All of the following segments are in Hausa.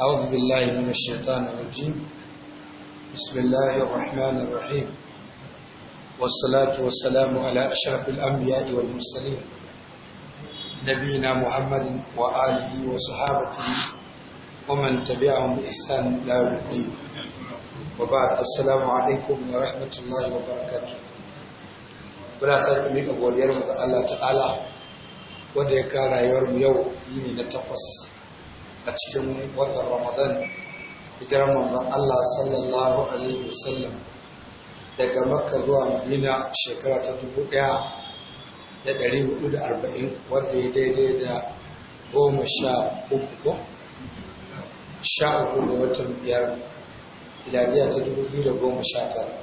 أعوذ بالله من الشيطان الرجيم بسم الله الرحمن الرحيم والصلاة والسلام على أشرف الأنبياء والمرسلين نبينا محمد وآله وصحابته ومن تبعهم بإحسان لا يوم الدين وبعد السلام عليكم ورحمة الله وبركاته ولا خير من أبو اليرم الله تعالى وديك رايور يوم يني نتقص a cikin watan ramadan hijirar manzon Allah sallallahu alaihi wasallam daga makka zuwa madina shekara ta dubu ɗaya da ɗari hudu da arba'in wadda ya daidai da goma sha uku sha uku da watan biyar iladiya ta dubu biyu da goma sha tara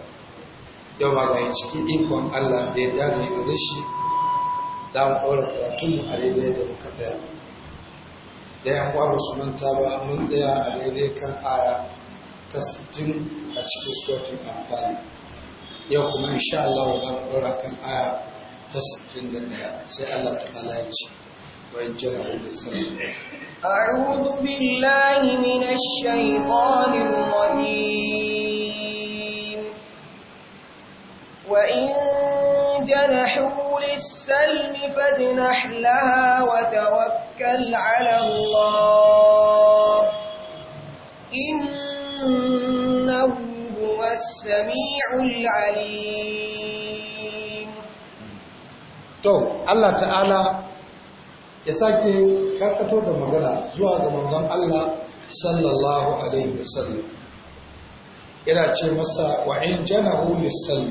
yau ma ga ciki, ikon Allah da ya dame ga shi za mu ɗora karatunmu a daidai da muka ɗaya da yan kwaba su manta ba mun daya a daidai kan aya ta sittin a cikin sofin amfani yau kuma insha Allah wa ɗan ɗora kan aya ta sittin da daya sai Allah ta kala ya ce wa yin jira hulun sami a rudu billahi ne na shaifonin wani wa in جنحوا للسلم فاجنح لها وتوكل على الله إنه هو السميع العليم تو الله تعالى يساكي كاكتو دمغلا زوا دمغلا الله صلى الله عليه وسلم إلى تشي مصا وعين جنحوا للسلم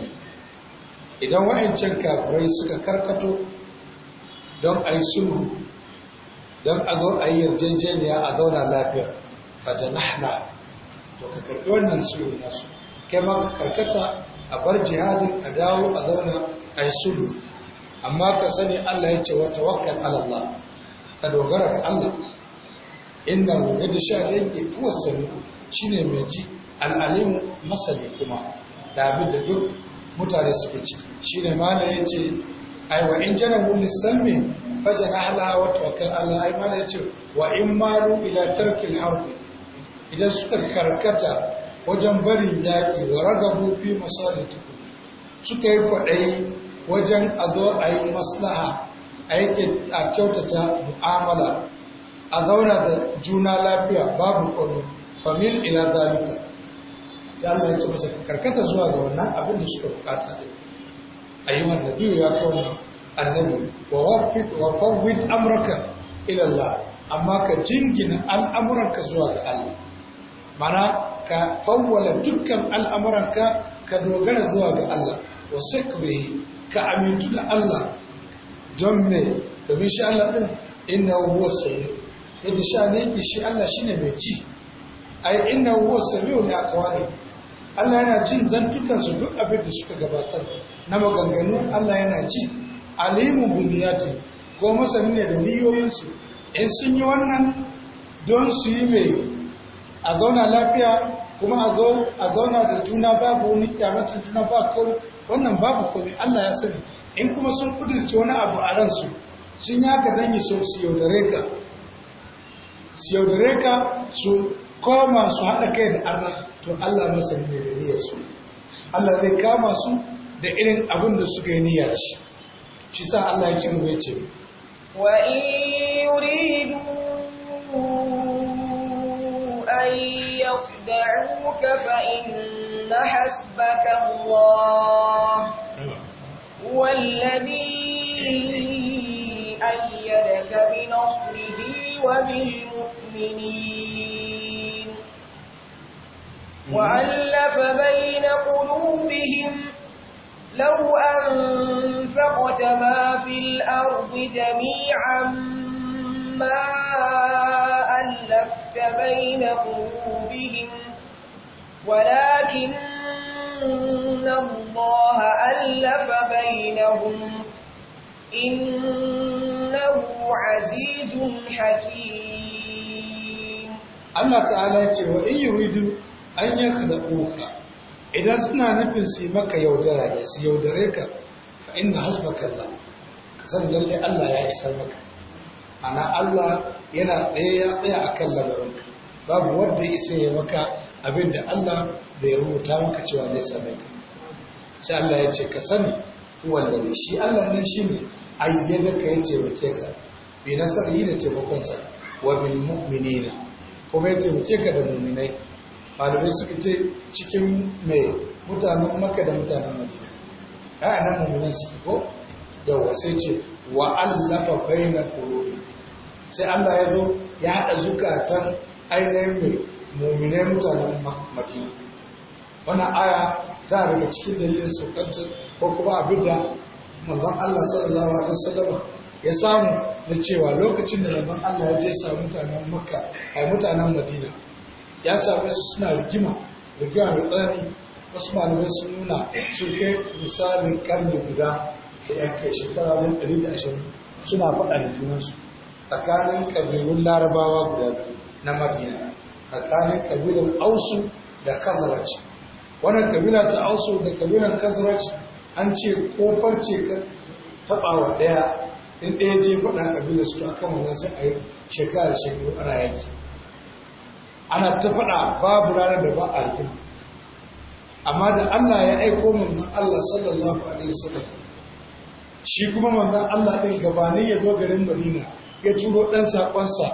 idan wa'ancan kafirai suka karkato don a yi sulhu don a zo a yi yarjejeniya a zauna lafiya fajanahna to ka karɓi wannan sulhu nasu kai ma ka karkata a bar jihadin a dawo a zauna a yi sulhu amma ka sani Allah ya ce wa tawakkal ala Allah ka dogara ga Allah inna hu sha da yake kuwa sani shine mai ji al'alimu masani kuma da abin da duk mutane suke ciki shine mana yace ai wa in janahu lisalmi fajar laha wa tawakkal allah ai mana yace wa in maru ila tarkil harbi idan suka karkata wajen bari yaƙi wa ragabu fi masalatikum suka yi kwaɗayi wajen a zo a yi maslaha a kyautata mu'amala a zauna da juna lafiya babu kwano famil ila zalika sai Allah ya ce masa karkata zuwa ga wannan abin da suka bukata din ayyuhan nabiyyu ya kawo annabi wa wafid wa fawwid amraka ila Allah amma ka jingina al'amuranka zuwa ga Allah mana ka fawwala dukkan al'amuranka ka dogara zuwa ga Allah wa sakbihi ka amintu da Allah don me domin shi Allah din inna huwa sami yadda sha ne yake shi Allah shine mai ci ai inna huwa sami ne aka wani Allah yana jin zantukansu duk abin da suka gabatar na maganganu Allah yana ji alimun buniyati ko masani ne da niyoyinsu in sun yi wannan don su yi mai a zauna lafiya kuma a zauna da juna babu wani kyamacin juna ba ko wannan babu kome Allah ya sani in kuma sun kudurce wani abu a ransu sun ya ka yi so su yaudare ka su yaudare ka su koma su haɗa kai da Allah to Allah masa ne da niyyar Allah zai kama su da irin abin da suka yi niyyar shi shi sa Allah ya ci gaba ya ce wa in yuridu an yakhda'uka fa inna hasbaka Allah والذي أيدك بنصره وألف بين قلوبهم لو أنفقت ما في الأرض جميعا ما ألفت بين قلوبهم ولكن الله ألف بينهم إنه عزيز حكيم الله تعالى يقول إن يريدوا an ya ka idan suna nufin su yi maka yaudara da su yaudare ka fa inda hasba kalla. san lalle Allah ya isar maka ana Allah yana ɗaya ya tsaya akan labarinka babu wanda ya isa ya maka abin da Allah bai rubuta maka cewa zai same ka sai Allah ya ce ka sani wanda ne shi Allah ne shi ne ayyana ka ya taimake ka bi nasar yi da taimakonsa wa bil mu'minina kuma ya taimake ka da mu'minai malamai suka ce cikin mai mutanen maka da mutanen madina ya nan mummunan suke ko da sai ce wa allafa na kurobi sai Allah ya zo ya haɗa zukatan ainihin mai mummunan mutanen madina wannan aya ta daga cikin dalilin saukanta ko kuma abin da manzon Allah sallallahu alaihi wasallam ya samu na cewa lokacin da manzon Allah ya je sa mutanen makka ai mutanen madina ya sami su suna rigima rigima da tsanani wasu malamai sun nuna sun kai misalin karni guda da ya kai shekara don ɗari da ashirin suna faɗa da junansu tsakanin ƙabilun larabawa guda biyu na madina tsakanin ƙabilun ausu da kazaraj wannan ƙabila ta ausu da ƙabilun kazaraj an ce ko farce ka taɓawa ɗaya in ɗaya je faɗa ƙabilar su akan wannan sai a yi shekara shekaru ana yaki ana ta faɗa babu ranar da ba a rigima amma da Allah ya aiko manzon Allah sallallahu alaihi wasallam shi kuma mangan Allah ɗin gabanin ya zo garin Madina ya turo ɗan saƙonsa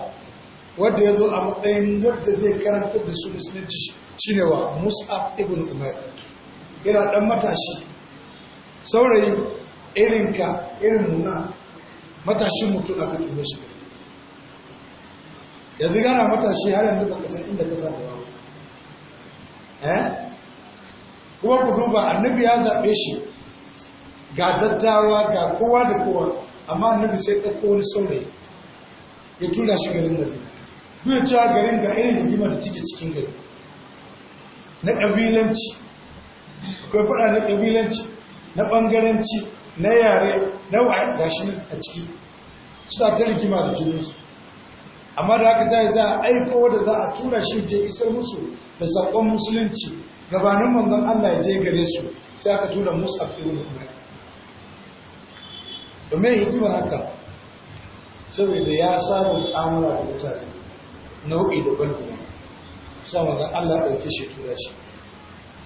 wanda ya zo a matsayin wanda zai karanta da su musulunci shine wa Mus'ab ibn Umar yana ɗan matashi saurayi irinka irin nuna matashin mutum aka turo shi yanzu gana matashi har yanzu baka san inda ka zaɓa ba eh kuma ku duba annabi ya zaɓe shi ga dattawa ga kowa da kowa amma annabi sai ta wani saurayi ya tura shi garin da duk da cewa garin ga irin rigima da take cikin gari na ƙabilanci akwai faɗa na ƙabilanci na ɓangaranci na yare na gashi a ciki suna ta rikima da junansu amma da haka tayi za a aiko da za a tura shi je isar musu da saƙon musulunci gabanin manzon Allah ya je gare su sai aka tura musu Mus'ab ibn Umayr domin hikimar haka saboda ya samu mu'amala da mutane nau'i daban-daban sai manzon Allah ya ɗauke shi tura shi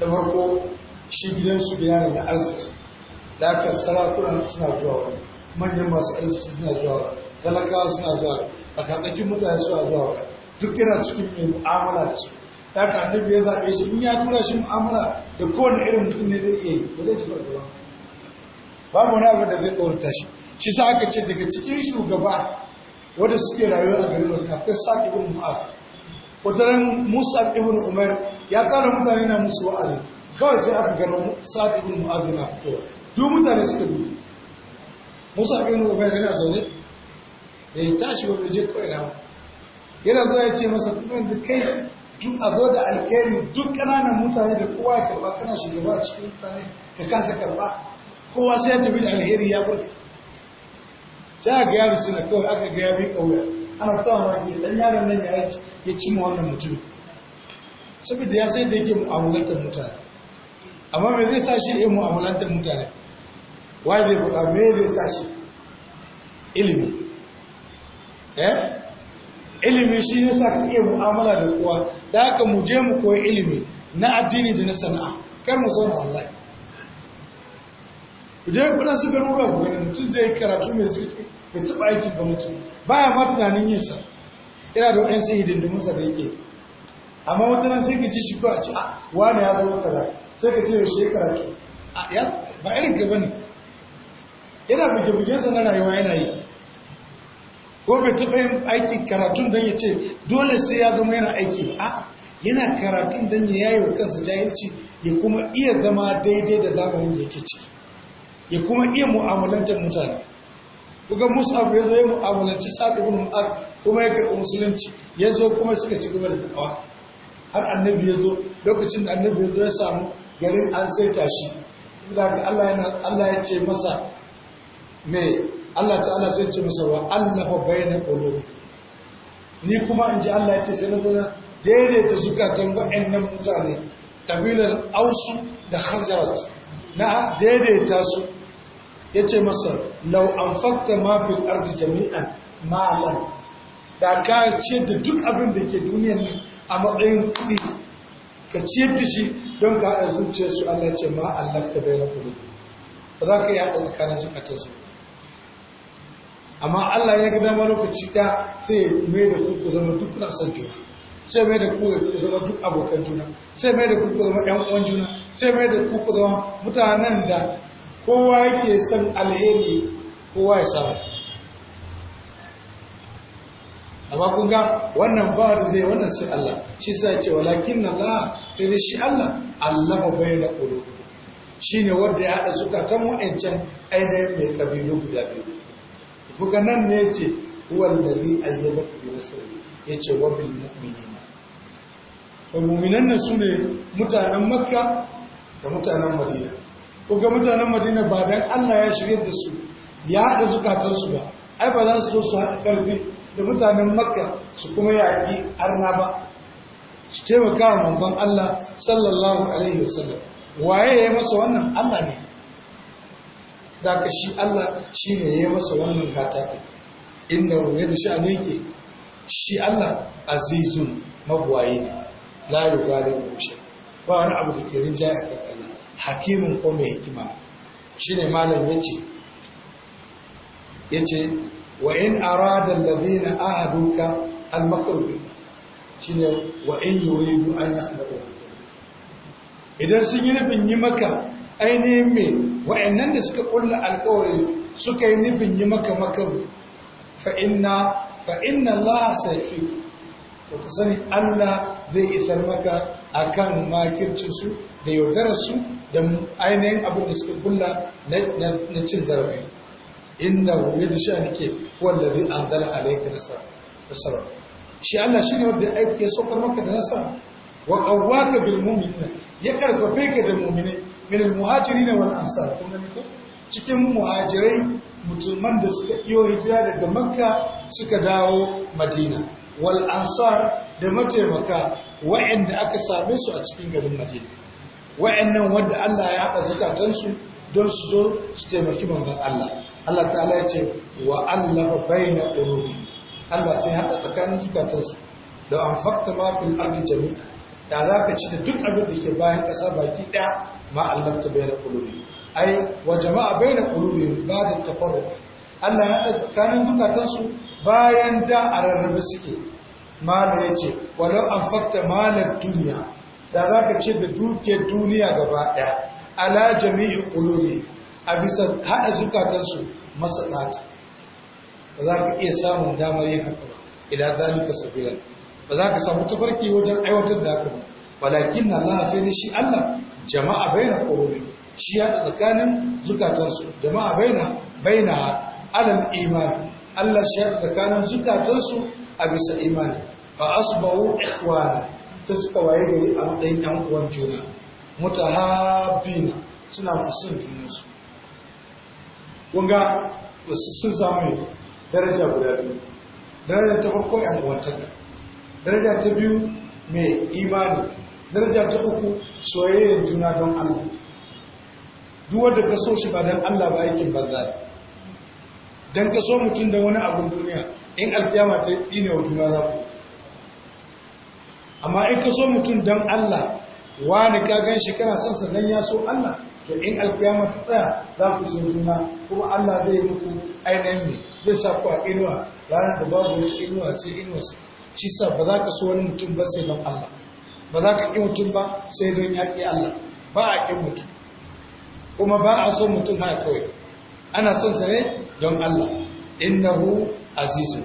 da farko shi gidansu gina ne na arziki da aka sarakuna suna zuwa wani manyan masu arziki suna zuwa talakawa suna zuwa a karnakin mutane a zuwa duk yana cikin mai mu'amala da su ta ka annabi ya zaɓe shi in ya tura shi mu'amala da kowane irin mutum ne zai iya yi ba zai taɓa zama mu wani abin da zai tsorata shi shi sa aka ce daga cikin shugaba wanda suke rayuwa a garin Makka akwai Sa'd ibn Mu'adh wataran Musa ibn Umar ya kara mutane na musu wa'azi kawai sai aka gano Sa'd ibn Mu'adh na fitowa duk mutane suka dubi Musa ibn Umar yana zaune ya tashi wani je ko ina yana zuwa ya ce masa kuma da kai duk a zo da alkhairi duk ƙananan mutane da kowa ya karba kana shugaba a cikin mutane ka kasa karba kowa sai ya tafi da alheri ya gudu sai ga yaro suna kawai aka ga ya bi kawai ana tsawon wake dan yaron nan ya ya ma wannan mutum saboda ya sai da yake mu'amalantar mutane amma me zai sa shi ya mu'amalantar mutane wa zai faɗa me zai sa shi ilimi Eh? ilimi shi ne sa ka iya mu'amala da kowa da haka mu je mu koyi ilimi na addini da na sana'a kar mu zauna online ku je ku dan su garuruwa ku gani mutum zai karatu mai zirki bai taɓa aikin ga mutum ya mafi tunanin yin sa ina da wani sun hidindimin sa da yake amma wata nan sai ka ci shi ko a ci a ah, wani ya zama kaza sai ka ce yaushe karatu ba irin ka bane yana buge-bugensa na rayuwa yana yi ko bai taɓa yin aiki karatun don ya ce dole sai ya zama yana aiki a yana karatun don ya yi wa kansa jahilci ya kuma iya zama daidai da labarin da yake ciki ya kuma iya mu'amalantar mutane kuka mus'ab ya zo ya mu'amalanci sa'ad ibn mu'ad kuma ya karɓi musulunci ya zo kuma suka ci gaba da dawa har annabi ya zo lokacin da annabi ya zo ya samu garin an sai tashi da Allah Allah ya ce masa me. Allah ta'ala sai ce masa wa ba bayyana qulubi ni kuma in ji Allah ya ce sai na daidaita zukatan waɗannan mutane ƙabilar ausu da hajarat na daidaita su ya ce masa lau an fakta mafil ardi jami'an malar da ka ce da duk abin da ke duniyar ne a matsayin kuɗi ka ce da shi don ka haɗa zuciyarsu Allah ce ma Allah ta bayyana kuɗi ba za ka yi haɗa zukatan zukatansu amma Allah ya ga ma lokaci da sai ya mai da kuku zama duk na san juna sai mai da kuku zama duk abokan juna sai mai da kuku zama ɗan uwan juna sai mai da kuku zama mutanen da kowa yake son alheri kowa ya samu amma kun ga wannan ba da zai wannan sai Allah shi sa ce walakin la sai ne shi Allah Allah ba bayyana Shi ne wanda ya hada zukatan wa'ancan ainihin mai ƙabilu guda biyu buga nan ne ce wallazi ayyabaka bi ya ce wa bil mu'minina ba mu'minan nan sune mutanen makka da mutanen madina kuga mutanen madina ba don Allah ya shigar da su ya haɗa zukatansu ba ai ba za su zo su haɗa ƙarfi da mutanen makka su kuma yaƙi arna ba su taimaka wa manzon Allah sallallahu alaihi wasallam waye ya yi masa wannan Allah ne daga shi Allah shi ne ya masa wannan gata inda ruwa da shi a yake shi Allah azizun magwaye ne gari da kushe ba wani abu da ke rinjaye a kan hakimin ko mai hikima shi ne malam ya ce ya ce wa in arada alladhina ahaduka al-makru shi ne wa in yuridu an yahdaru idan sun yi nufin yi maka ainihin me wa'annan da suka kulla alkawari suka yi nufin yi maka makaru fa'inna fa'inna Allah saifi to ku sani Allah zai isar maka akan makircinsu da yaudararsu da ainihin abu da suka kulla na cin zarafi inna wuyi da sha nake wanda zai an zala alaika nasara shi Allah shi ne wanda ya saukar maka da nasara wa ƙawwaka bil mu'minina ya karfafe ka da mu'minai min al-muhajirin wal ansar kun ko cikin muhajirai musulman da suka iyo hijira daga makka suka dawo madina wal ansar da mataimaka wa'anda aka same su a cikin garin madina wa'annan wanda Allah ya haɗa su don su zo su taimaki manzon Allah Allah ta'ala ya ce wa allafa baina qulubi Allah sai haɗa tsakanin su da an fakta ma fil ardi jami'a da za ka ci da duk abin da ke bayan ƙasa baki ɗaya ma Allah ta bayyana ƙulubi ai wa jama'a bayyana ƙulubi ba da tafarrufi Allah ya haɗa tsakanin dukatansu bayan da a rarrabe suke mala ya ce walau an fakta malar duniya da za ka ce da duke duniya gaba ɗaya ala jami'i ƙulubi a bisa haɗa zukatansu masa ɗata ba za ka iya samun damar yin haka ba ila zalika sabilan ba za ka samu tafarki wajen aiwatar da haka ba walakin Allah sai ne shi Allah jama'a baina qulubi shi ya da tsakanin zukatansu jama'a baina baina alal imani Allah shi ya da tsakanin zukatansu a bisa imani fa asbahu ikhwana sai suka waye gari a matsayin ɗan uwan juna mutahabbin suna musun juna su. Kunga ga sun samu daraja guda biyu daraja ta farko uwan uwantaka daraja ta biyu mai imani daraja ta uku soyayyar juna don Allah duk wanda ka so shi ba don Allah ba aikin banza don ka so mutum da wani abin duniya in alkiyama ta yi wa juna za ku amma in ka so mutum don Allah wani ka gan shi kana son sa ya so Allah to in alkiyama ta tsaya za ku so juna kuma Allah zai muku ainihin ne zai sa ku a inuwa ranar da babu wata inuwa sai inuwa sai shi sa ba za ka so wani mutum ba sai don Allah ba za ka ƙi mutum ba sai don yaƙi Allah ba a ƙi mutum kuma ba a so mutum ha kawai ana son sa ne don Allah innahu azizu.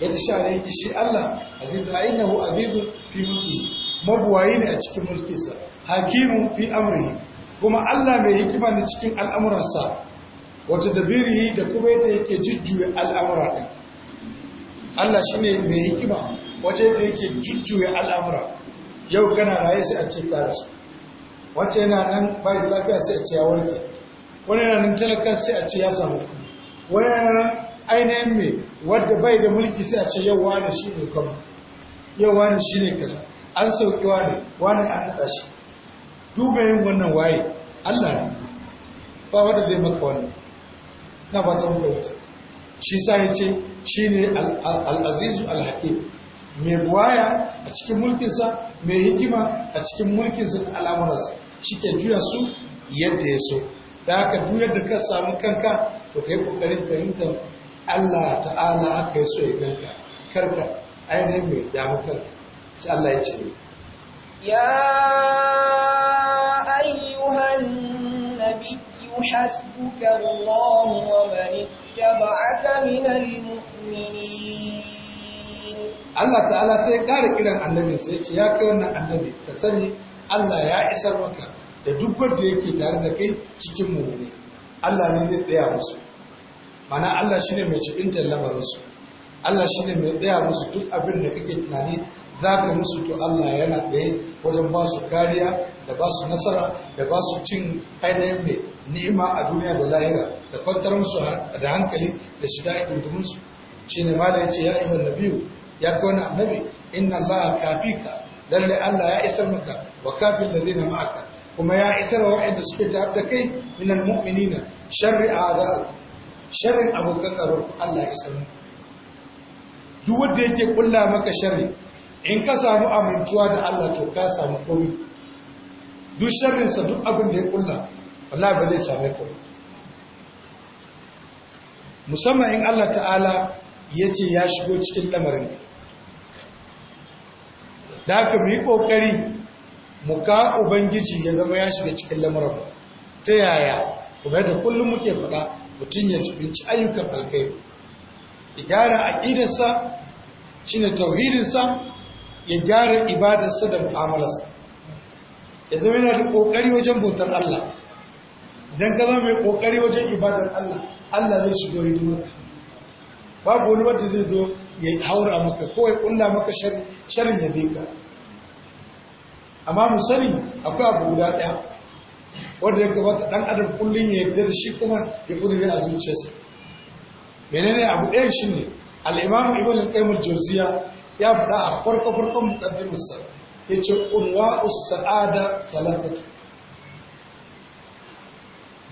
yadda sha ne ki shi Allah azizu a innahu azizu fi mulki mabuwayi ne a cikin mulkinsa Hakimu fi amri. kuma Allah mai hikima ne cikin al'amuransa wata biri da kuma yadda yake jujjuya al'amura ɗin Allah shi ne mai hikima wace da yake jujjuya al'amura yau kana raye shi a ce kara su wacce yana nan bai da lafiya sai a ce ya warke wani yana nan talaka sai a ce ya samu wani yana nan ainihin mai wadda bai da mulki sai a ce yau wani shi ne kama yau wani shi ne kaza an sauki wani wani an naɗa shi duba yin wannan waye allah ne ba wadda zai maka wani na ba ta ta. shi sa ya ce shi ne al'azizu al-hakim mai buwaya a cikin mulkinsa mai hikima a cikin mulkinsa da al'amuransa shi ke juya su yadda ya so da aka duk yadda ka samu kanka to ka yi ƙoƙarin fahimtar Allah ta'ala aka yi so ya ganka karka ainihin mai damu kanka sai Allah ya ce ya ayyuhan nabiyyu hasbuka Allah wa man mu. Allah ta'ala sai ya ƙara kiran annabi sai ya ce ya kai wannan annabi ka sani Allah ya isar maka da duk wanda yake tare da kai cikin mu'mini Allah ne zai tsaya musu mana Allah shine mai cikin lamarin su Allah shine mai tsaya musu duk abin da kake tunani Za ka musu to Allah yana tsaye wajen ba su kariya da ba su nasara da ba su cin ainihin mai ni'ima a duniya da lahira da kwantar musu da hankali da shiga ikuntumin su shine mala yace ya ayyuhan nabiyyu ya ga annabi inna allaha kafika lalle allah ya isar maka wa kafil ladina ma'aka kuma ya isar wa wa'anda suke tare da kai minal mu'minina sharri a'da sharri abokan tsaro allah ya isar maka duk wanda yake kulla maka sharri in ka samu amintuwa da allah to ka samu komai duk sa duk abin da ya kulla wallahi ba zai same ka musamman in allah ta'ala ya ce ya shigo cikin lamarin da aka mu yi kokari mu ka ubangiji ya zama ya shiga cikin lamarar ta yaya kuma da kullum muke faɗa mutum ya cibinci ayyukan alkai ya gyara aƙidarsa shine tauhidinsa ya gyara ibadarsa da mu'amalarsa ya zama yana da kokari wajen bautar Allah idan ka zama mai kokari wajen ibadar Allah Allah zai shigo hidimarka babu wani wanda zai zo ya haura maka ko ya kulla maka sharri sharin ya ka amma mu akwai abu guda ɗaya wanda ya gabata ɗan adam kullum ya yarda da shi kuma ya kudure a zuciyarsa menene abu ɗaya shi ne al'imamu ibn al-qayyim ya faɗa a farko farkon muqaddimarsa yace unwa us-sa'ada thalathatu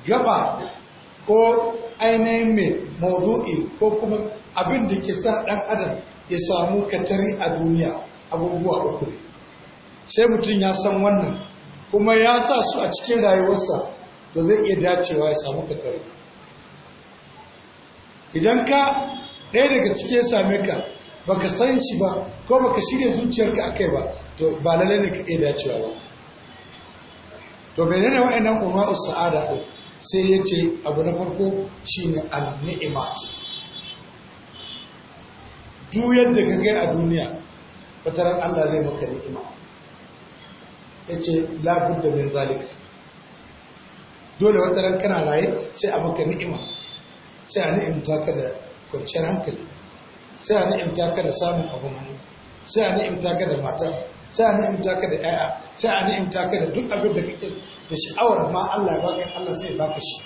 gaba ko ainihin mai mawdu'i ko kuma abin da ke sa ɗan adam ya samu katari a duniya abubuwa uku ne sai mutum ya san wannan kuma ya sa su a cikin rayuwarsa da zai iya dacewa ya samu katare idan ka ɗaya daga cikin same ka baka san shi ba ko baka shirya zuciyarka akai ba to ba lalai ne ka iya dacewa ba to menene wa'annan umma'us sa'ada ɗin sai ya ce abu na farko shine al ni'imat duk yadda ka gai a duniya fataran Allah zai maka ni'ima ce labur da min zalik dole wataran kana raye sai a maka ni'ima sai a ni'imta ka da kwanciyar hankali sai a ni'imta ka da samun abu mani sai a ni'imta ka da mata sai a ni'imta ka da 'ya'ya sai a ni'imta ka da duk abin da kake da sha'awar ma Allah ya baka Allah zai baka shi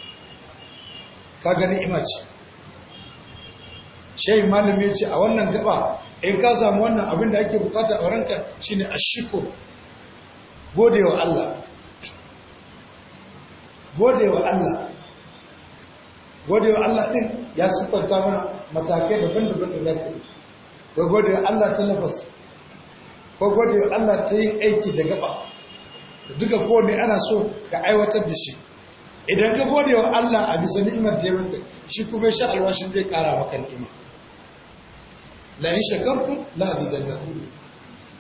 ka ga ni'ima ce shehi malami ya ce a wannan gaba in ka samu wannan abin da ake bukata a ranka shine ashkur godewa Allah godewa Allah godewa Allah din ya sifanta mana matakai daban-daban da zaka yi ko godewa Allah ta lafas ko godewa Allah ta yi aiki da gaba duka kowane ana so ga aiwatar da shi idan ka godewa Allah a bisa ni'imar da ya maka shi kuma sha alwashin zai kara maka ni'ima la in shakartum la azidannakum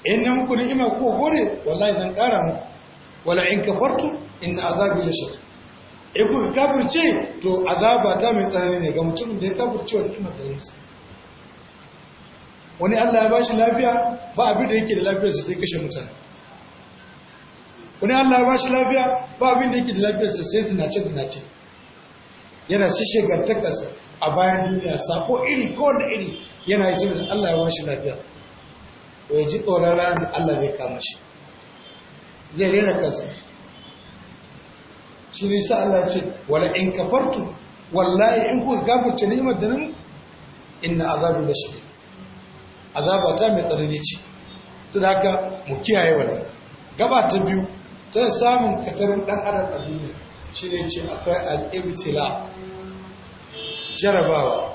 in na muku ni'ima ko gore wallahi zan kara muku wala in kafartum in azabi lashadid in kuka kafirce to azaba ta mai tsanani ne ga mutumin da ya kafirce wa ni'imar da yamsa wani Allah ya ba shi lafiya ba abin da yake da lafiyar sai kashe mutane wani Allah ya ba shi lafiya ba abin da yake da lafiyar sai zinace nace yana shi shegartar kasa a bayan duniya sako iri ko wanda iri yana yi da Allah ya washe lafiya to ya ji tsoron ranar da Allah zai kama shi zai rera kansa shi ne sa Allah ce wala in kafartu wallahi in kuka gafarta ni'imar da nan inna azabu da shi azaba ta mai tsanani ce su da haka mu kiyaye wannan gaba ta biyu ta samun katarin dan adam a duniya shi ne ce akwai al-ibtila jarabawa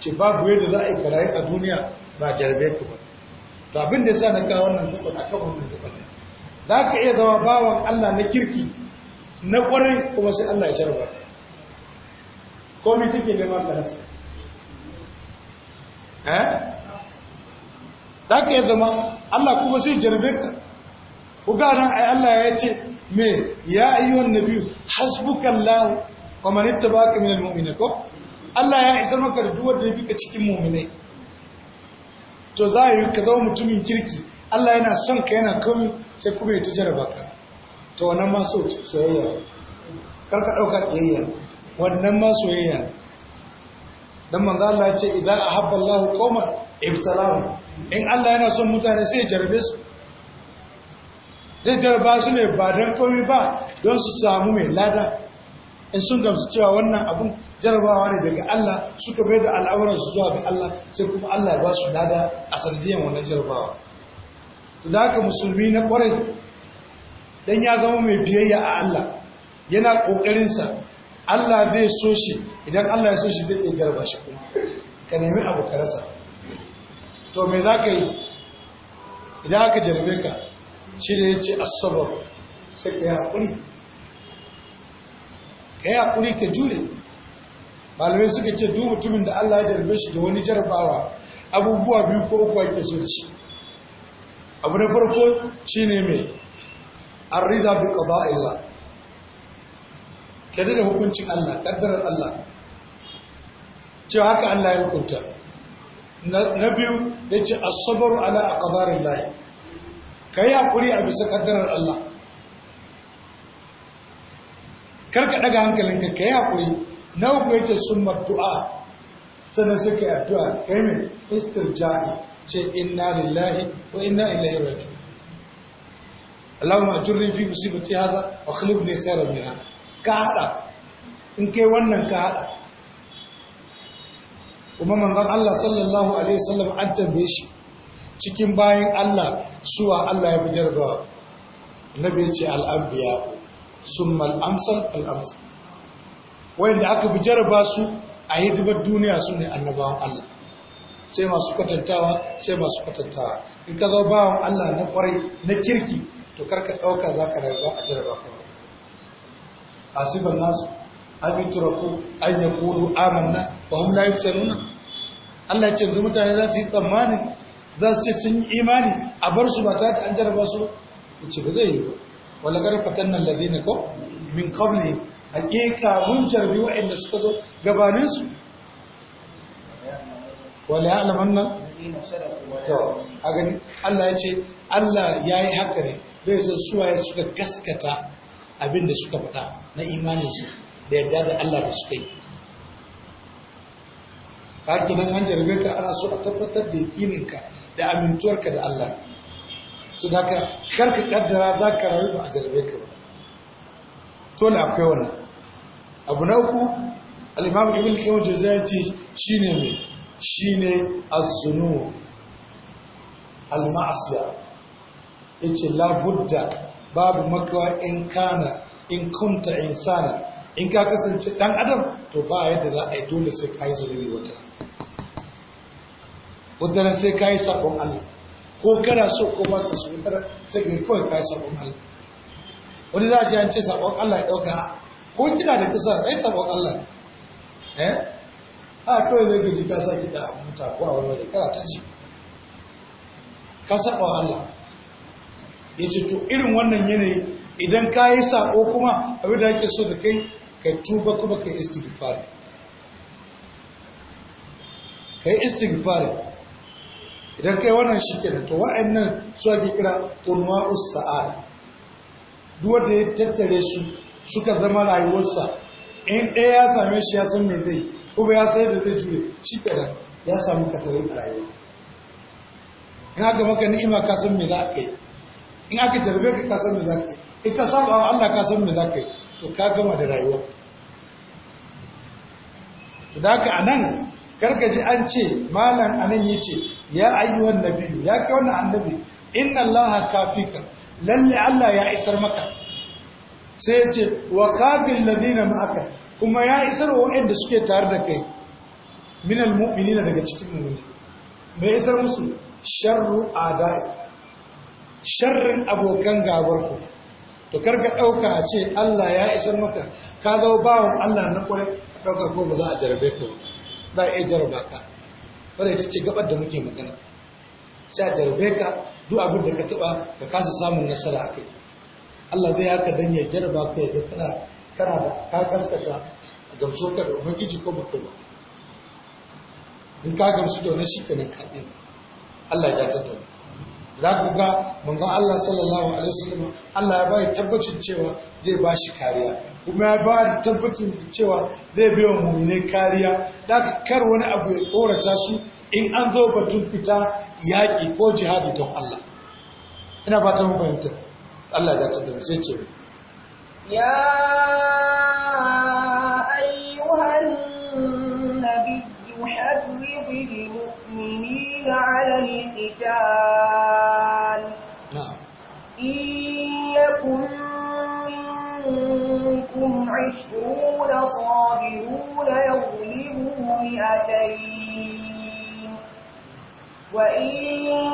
ce babu yadda za a yi karayi a duniya ba jarabe ku ba to abin da sa na ga wannan gaban a kan wannan ne za ka iya zama bawan Allah na kirki na kwarai kuma sai Allah ya jaraba ka komai kake neman ka eh za ka iya zama Allah kuma sai jarabe ka ku nan ai Allah ya ce me ya ayyuhan nabiyyu hasbukallahu wa man ittaba'aka minal mu'minin ko Allah ya isar maka da duwar da ya bika cikin muminai to za a yi ka zama mutumin kirki Allah yana son ka yana kawai sai kuma ya ta baka to wannan ma soyayya kar ka ɗauka ƙiyayya wannan ma soyayya don manzo Allah ya ce idan ahabba Allahu qauman ibtalahu in Allah yana son mutane sai ya jarabe su zai jaraba su ne ba dan komai ba don su samu mai lada in sun gamsu cewa wannan abun jarabawa ne daga Allah suka bai da al'amuransu zuwa ga Allah sai kuma Allah ya ba su lada a sanadiyan wannan jarabawa to da haka musulmi na kwarai dan ya zama mai biyayya a Allah yana ƙoƙarinsa Allah zai so shi idan Allah ya so shi zai jarba shi kuma ka nemi abu ka to me za ka yi idan aka jarbe ka shi ne ya ce asabar sai ka yi ka yi haƙuri ka jure malamai suka ce duk mutumin da Allah ya jarbe shi da wani jarabawa abubuwa biyu ko uku ake so da shi abu na farko shi ne mai arrida bi qada'illah kada da hukuncin Allah ƙaddarar Allah cewa haka Allah ya hukunta na biyu ya ce asabar ala ka yi haƙuri a bisa ƙaddarar Allah kar ka daga hankalinka ka yi haƙuri na uku ya ce sun martu'a sannan suka yi addu'a kai mai istirja'i ce inna lillahi wa inna ilaihi raji'un Allahumma ajurni fi musibati hadha wa khlifni khairan minha ka hada in kai wannan ka hada kuma manzon Allah sallallahu alaihi wasallam an tambaye shi cikin bayan Allah suwa Allah ya fi jarrawa annabi ce al-anbiya summa al-amsal al-amsal wanda aka bi jaraba su a hidimar duniya su ne annabawan Allah sai masu kwatantawa sai masu kwatantawa in ka zo bawan Allah na kwarai na kirki to karka ɗauka za ka rayuwa a jaraba a asiban nasu an turaku an yi kudu amanna ba hum la yuftanuna Allah ya ce yanzu mutane za su yi tsammani za su ce sun yi imani a bar su ba ta da an jaraba su ce ba zai yi ba wala fatan nan ne ko min a keka mun jarbi wa'inda suka zo gabanin su alaman nan to a gani Allah ya ce Allah ya yi haka ne bai suwa ya suka gaskata abinda suka faɗa na imanin su da yadda da Allah da suka yi Ka hakinan an jarbe ka ana so a tabbatar da yakininka da amintuwarka da Allah su da ka karka kaddara za ka rayu ba a jarabe ka ba to na akwai wannan abu na uku alimamu ibn kaimar jaza zai ce shi ne mai shi ne azunu alma'asiya ya ce labudda babu makawa in kana in kunta insana in ka kasance dan adam to ba yadda za a yi dole sai ka yi zunubi wata wadda sai ka yi sakon allah ko kana so ko ba ka so tara sai ga kai ka sabon Allah wani za a ce an ce sabon Allah ya dauka ko kina da kisa ai sabon Allah eh a ne ga ji ka sa ki a muta ko a wani kana ta ci ka sabon Allah yace to irin wannan yanayi idan ka yi sako kuma abin da ake so da kai ka tuba kuma ka istighfar kai istighfar idan kai wannan shi da to wa'annan su ake kira qurwa sa'ada duwar da ya tattare su suka zama rayuwarsa in ɗaya ya same shi ya san mai zai kuma ya sai da zai jure shi da ya samu katare a rayuwa in aka maka ni'ima ka san me za ka yi in aka tarbe ka ka san me za ka yi in ka saba wa Allah ka san za ka yi to ka gama da rayuwa to da haka anan karkaji an ce malam anan ya ce ya ayyuhan nabi ya kai wannan annabi inna allaha kafika lalle allah ya isar maka sai ya ce wa kafin ladina ma'aka kuma ya isar wa waɗanda suke tare da kai minal mu'minina daga cikin mu'mini mai isar musu sharru adai sharrin abokan gabar ku to karka ɗauka a ce Allah ya isar maka ka zo bawon Allah na kwarai ka ɗauka ko ba za a jarabe ka ba ba a iya jarraba ka wadda ita ce gabar da muke magana sai a jarabe ka duk abin da ka taba ka kasa samun nasara a kai Allah zai haka dan ya jaraba ka ya ga kana kana da ka kaskata a gamso ka da kici ko bukai ba in ka gamsu da wani shi ka ka ɗaya Allah ya ta tabbata za ku ga manzon Allah sallallahu alaihi wasallam Allah ya bai tabbacin cewa zai ba shi kariya kuma ya ba da tabbacin cewa zai bai wa mummune kariya da kar wani abu ya tsorata su in an zo batun fita yaƙi ko jihadi don Allah ina ba ta mu fahimta Allah ya ta da sai ce ya ayyuhan yuhadu yi lil mu'minina ga al ita. منكم عشرون صابرون يغلبوا مئتين وإن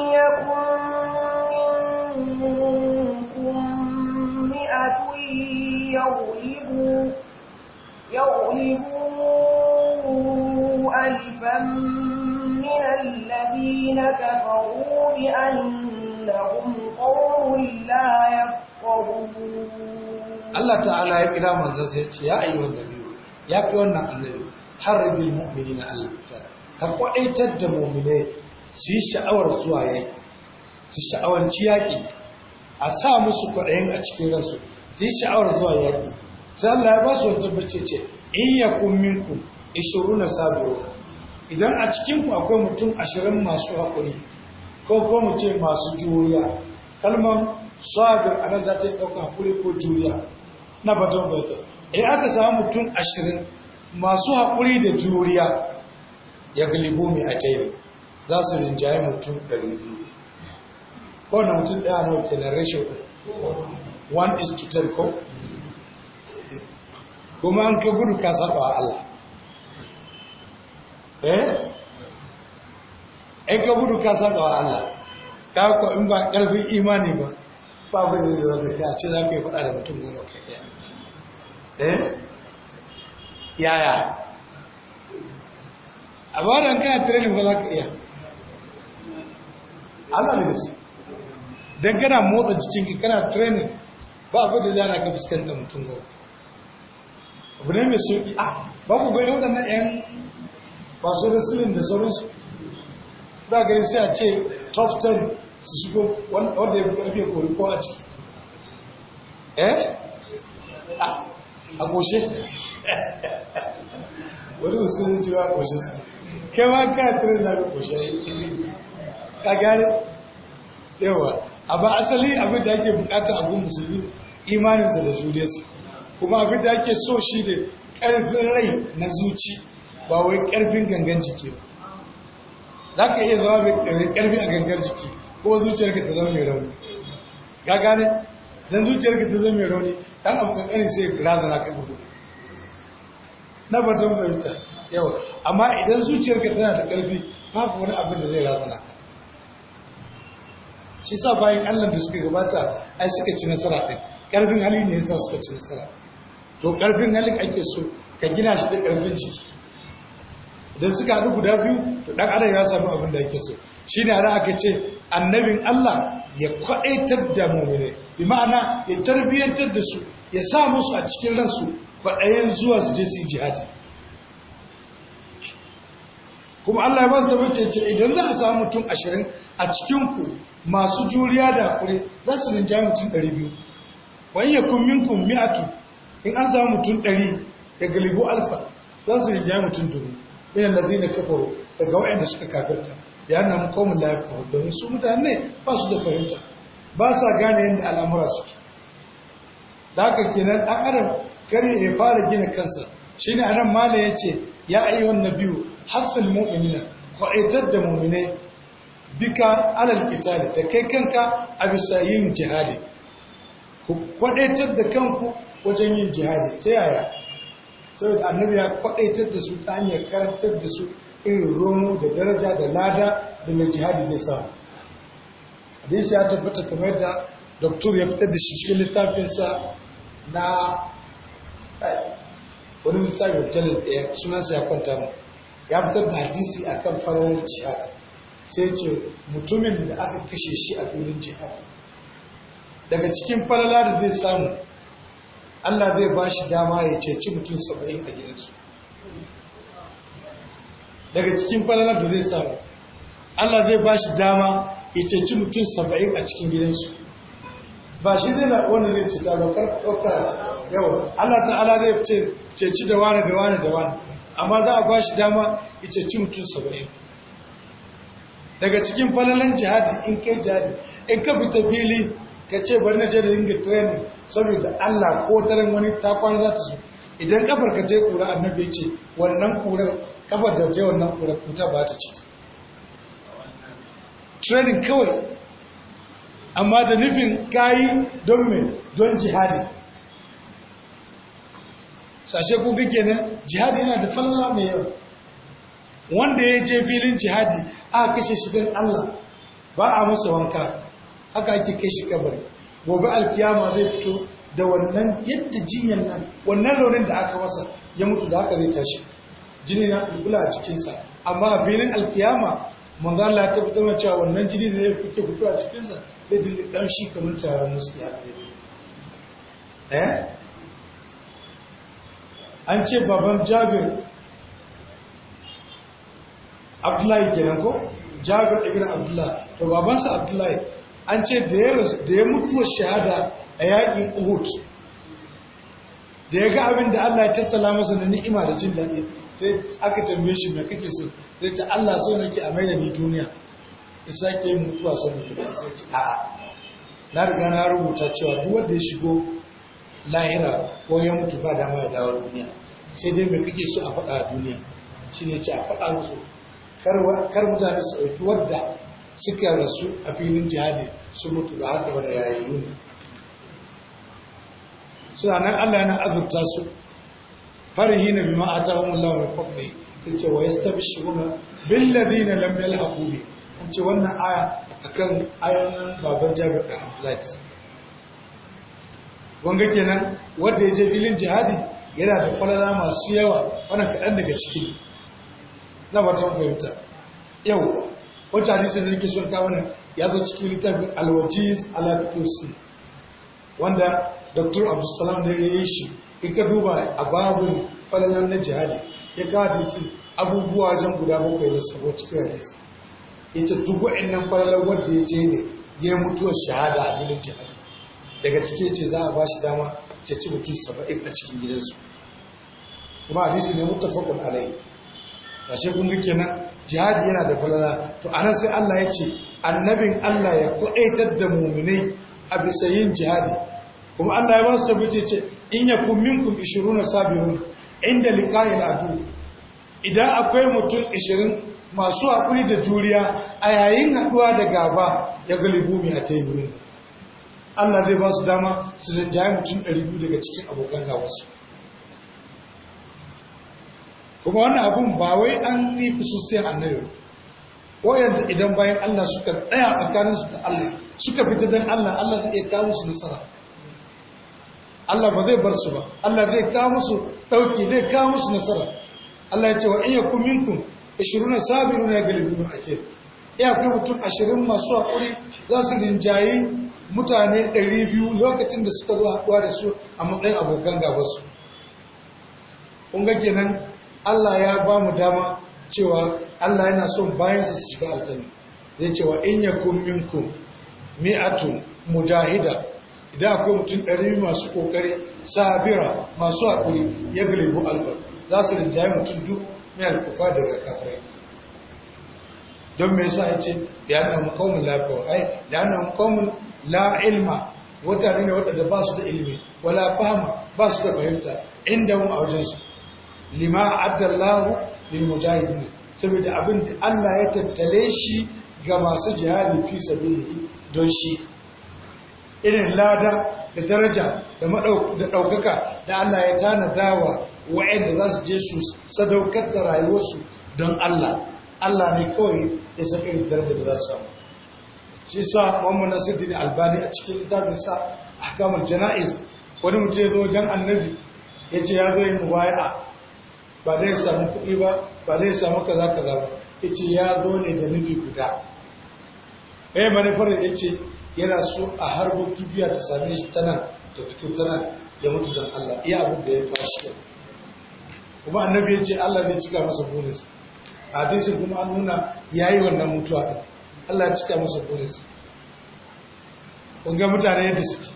يكن منكم مئة يغلبوا يغلبوا ألفا من الذين كفروا بأنهم قوم لا يفقهون Allah ta'ala ya kira manzon sai ya ce ya ayyuhan nabiyyu ya kai wannan annabi harridil mu'minina alal qital ka kwadaitar da mu'mine su yi sha'awar zuwa yaki su sha'awanci yaki a sa musu kwadayin a cikin ransu su yi sha'awar zuwa yaki sai Allah ya ba su wata bace ce in yakun minkum 20 sabiru idan a cikin ku akwai mutum ashirin masu hakuri ko ko mu ce masu juriya kalmar sabir anan za ta yi ɗaukar hakuri ko juriya na fatan bauta in aka samu mutum ashirin masu haƙuri da juriya ya galibu mai a taimi za su rinjaye mutum ɗari biyu wannan mutum ɗaya nawa kenan rashin one is to ten ko kuma an ka gudu ka saba Allah eh ai ka gudu ka saba Allah ka ko in ba ƙarfin imani ba ba ba zai zama ka ce za ka yi faɗa da mutum ne ba eh yaya a bayan kana training ba za ka iya Allah da gaske don kana motsa jikinki kana training ba abu da zana ka fuskanta mutum ga abu ne mai sauki a ah, babu gwai waɗannan 'yan masu rasilin da sauransu ba gari sai a ce top 10 su shigo wanda ya fi ƙarfi ko a ciki eh ah, a goshe wani musulun cewa a goshe su kai ma ka tirin za ka goshe ka gane yawa a ba asali abin da ake bukata abin musulmi imaninsa da su kuma abin da ake so shi ne ƙarfin rai na zuci ba wai ƙarfin gangan jiki ba za ka iya zama mai ƙarfi a gangan jiki ko zuciyarka ta zama mai rauni ga gane dan zuciyar ka ta zama mai rauni dan abu kankanin sai ka na kai gudu na batun fahimta yawa amma idan zuciyar ka tana da karfi babu wani abin da zai razana ka shi sa bayan Allah da suka gabata ai suka ci nasara ɗin. karfin hali ne yasa suka ci nasara to karfin hali ake so ka gina shi da karfin ciki idan suka haɗu guda biyu to ɗan adam ya samu abin da ake so shi ne har aka ce annabin Allah ya kwaɗaitar da mummune bi ma'ana ya tarbiyyantar da su ya sa musu a cikin ransu kwaɗayen zuwa su je su yi jihadi kuma Allah ya ba su da mace idan za a samu mutum ashirin a cikinku masu juriya da hakuri za su rinja mutum ɗari biyu wani ya kun kummi mi'atu in an samu mutum ɗari da galibu alfa za su rinja mutum dubu ina lazi na kafaro daga waɗanda suka kafirta ya na mu kawun lafiya domin su mutane ba su da fahimta ba sa gane yadda al'amura suke da haka kenan ɗan adam kare ya fara gina kansa shi ne anan mala ya ce ya ayyuhan nabiyu haffal mu'minina kwaitar da mu'minai bika alal kitali da kai kanka a bisa yin jihadi ku kwadaitar da kanku wajen yin jihadi ta yaya saboda annabi ya kwadaitar da su ta hanyar karantar da su irin romo da daraja da lada da mai jihadi zai samu hadisi ya tabbata kamar da doktor ya fitar da shi cikin littafinsa na eh, wani littafi jalil ɗaya sunansa ya kwanta mu ya fitar da hadisi a kan farawar jihad sai ce mutumin da aka kashe shi a filin jihad daga cikin falala da zai samu Allah zai ba shi dama ya ceci mutum saba'in a gidansu daga cikin falala da zai samu Allah zai ba shi dama Ice ci mutum saba'in a cikin gidansu ba shi zai na wani zai ce tabakar ɗauka yawa Allah ta'ala zai ce ceci da wani da wani da wani amma za a ba shi dama ya ci mutum saba'in daga cikin falalan jihadi in kai jihadi in ka fita fili ka ce bari na je da ringa training saboda Allah ko tarin wani takwan za ta zo idan kafar ka je kura annabi ce wannan kura kafar da je wannan kura kuta ba ta ci ta training kawai amma da nufin kayi don mai don jihadi sashe ku gage nan jihadi yana da falla mai yau wanda ya je filin jihadi a kashe shi don Allah ba a masa wanka haka ake kai shi kabari gobe alkiyama zai fito da wannan yadda jinyar nan wannan raunin da aka masa ya mutu da aka zai tashi jini na ɗulɓula a cikinsa amma a filin alkiyama manzo Allah ta fito cewa wannan jini da yake kuke fito a cikin sa zai dinga kamshi kamar taron musu ya kare eh an ce baban Jabir Abdullahi kenan ko Jabir ibn Abdullah to babansa Abdullahi an ce da ya mutuwa shahada a yaƙin Uhud da ya ga abin da Allah ya tattala masa na ni'ima da jin daɗi sai aka tambaye shi me kake so sai ta Allah so nake a mai da ni duniya ya sake yin mutuwa saboda da sai ce a'a na riga na rubuta cewa duk wanda ya shigo lahira ko ya mutu ba da ya dawo duniya sai dai me kake so a faɗa a duniya shine ce a faɗa musu kar mutane su ɗauki wadda suka rasu a filin jihadi sun mutu da haka ba da rayayyu ne suna nan Allah yana azurta su fari na bima a ta Allah lawar kwakwai sai ce wa ya tabi shi kuma billazi na lamyar haƙuri an ce wannan aya a kan ayon babar jabir da hamzat wanga kenan wanda ya je filin jihadi yana da falala masu yawa wannan kaɗan daga ciki na batun fahimta yau wata hadisin da nake son kawo ya zo cikin littafin alwajiz ala wanda Dr. Abdulsalam da ya yi shi in ka duba a babu falalan na jihadi ya kawo abubuwa wajen guda bakwai da sabo cikin hadisi ya ce duk wa'annan falalan wanda ya je ne ya yi mutuwar shahada a filin jihadi daga cike ce za a ba shi dama ce ci mutum saba'in a cikin gidansu kuma hadisi ne mutafakun alai a shi kun kenan jihadi yana da falala to a nan sai Allah ya ce annabin Allah ya kuɗaitar da muminai a bisa yin jihadi kuma Allah ya ba su tabbace ce in ya yakun minkum 20 sabirun inda liqa'il adu idan akwai mutum 20 masu hakuri da juriya a yayin haduwa da gaba ya galibu mi a taibirin Allah zai ba su dama su rinjaye mutum 200 daga cikin abokan su kuma wani abun ba wai an yi kusursiyan annayo. ko yanzu idan bayan Allah suka ɗaya tsakaninsu da Allah suka fita don Allah Allah zai iya kawo su nasara Allah ba zai bar su ba Allah zai kawo musu dauki zai kawo musu nasara Allah ya ce wa in yakum minkum 20 sabiruna galibun ake ya kai mutum 20 masu hakuri za su rinjayi mutane 200 lokacin da suka zo haɗuwa da su a matsayin abokan su kun ga kenan Allah ya ba mu dama cewa Allah yana son bayan su shiga aljanna zai ce wa in yakum minkum mi'atun mujahida idan akwai mutum ɗari masu ƙoƙari sabira masu haƙuri ya galibu albar za su rinjaye mutum duk min alkufa daga kafirai don mai sa ya ce da yana mukaunin lafiya ai da yana mukaunin la wata ne waɗanda ba su da ilimi wala fahama ba su da fahimta inda mu a wajensu lima abdallahu lil mujahidin saboda abin da Allah ya tattale shi ga masu jihadi fi sabilihi don shi irin lada da daraja da ɗaukaka da Allah ya tanada wa wayanda za su je su sadaukar da rayuwarsu don Allah Allah ne kawai ya sa irin daraja da za su samu shi sa Nasiru Nasiruddin Albani a cikin littafin sa kamar Jana'iz wani mutu ya zo wajen Annabi ya ce ya zo yin mubaya'a ba dai samu kuɗi ba ba dai samu kaza kaza ba ya ce ya zo ne da nufi guda eh manufar ya ce yana so a harbo kibiya ta same shi tana ta fito tana ya mutu don Allah iya abin da ya fashi ya kuma annabi ya ce Allah zai cika masa burinsa a hadisin kuma an nuna ya yi wannan mutuwa ɗin Allah ya cika masa burinsa kun ga mutane yadda suke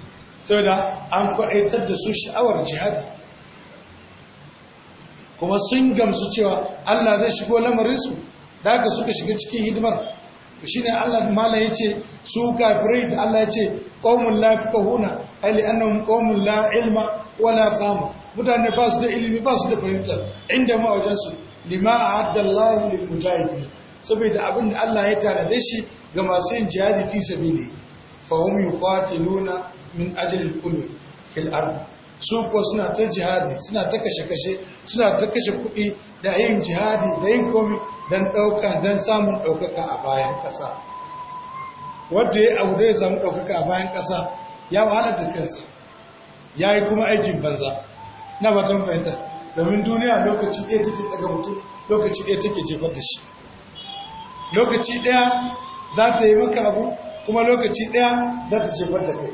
saboda an kwaɗaitar da su sha'awar jihadi kuma sun gamsu cewa Allah zai shigo lamarinsu da haka suka shiga cikin hidimar shine Allah mala yace su kafirai da Allah yace qaumul la yafqahuna ay li annahum qaumul la ilma wala fahma mutane ba su da ilimi ba su da fahimta inda ma wajen su lima a'adda Allah lil mujahidin saboda abin da Allah ya tare da shi ga masu yin jihadi fi sabili fa hum yuqatiluna min ajli al-qulub fil ard su ko suna ta jihadi suna ta kashe kashe suna ta kashe kuɗi da yin jihadi da yin komi don ɗauka don samun ɗaukaka a bayan ƙasa wadda ya abu da ya samu ɗaukaka a bayan ƙasa ya wahala da kansa ya yi kuma aikin banza na batun fahimta domin duniya lokaci ɗaya take daga mutum lokaci ɗaya take jefar da shi lokaci ɗaya za ta yi maka abu kuma lokaci ɗaya za ta jefar da kai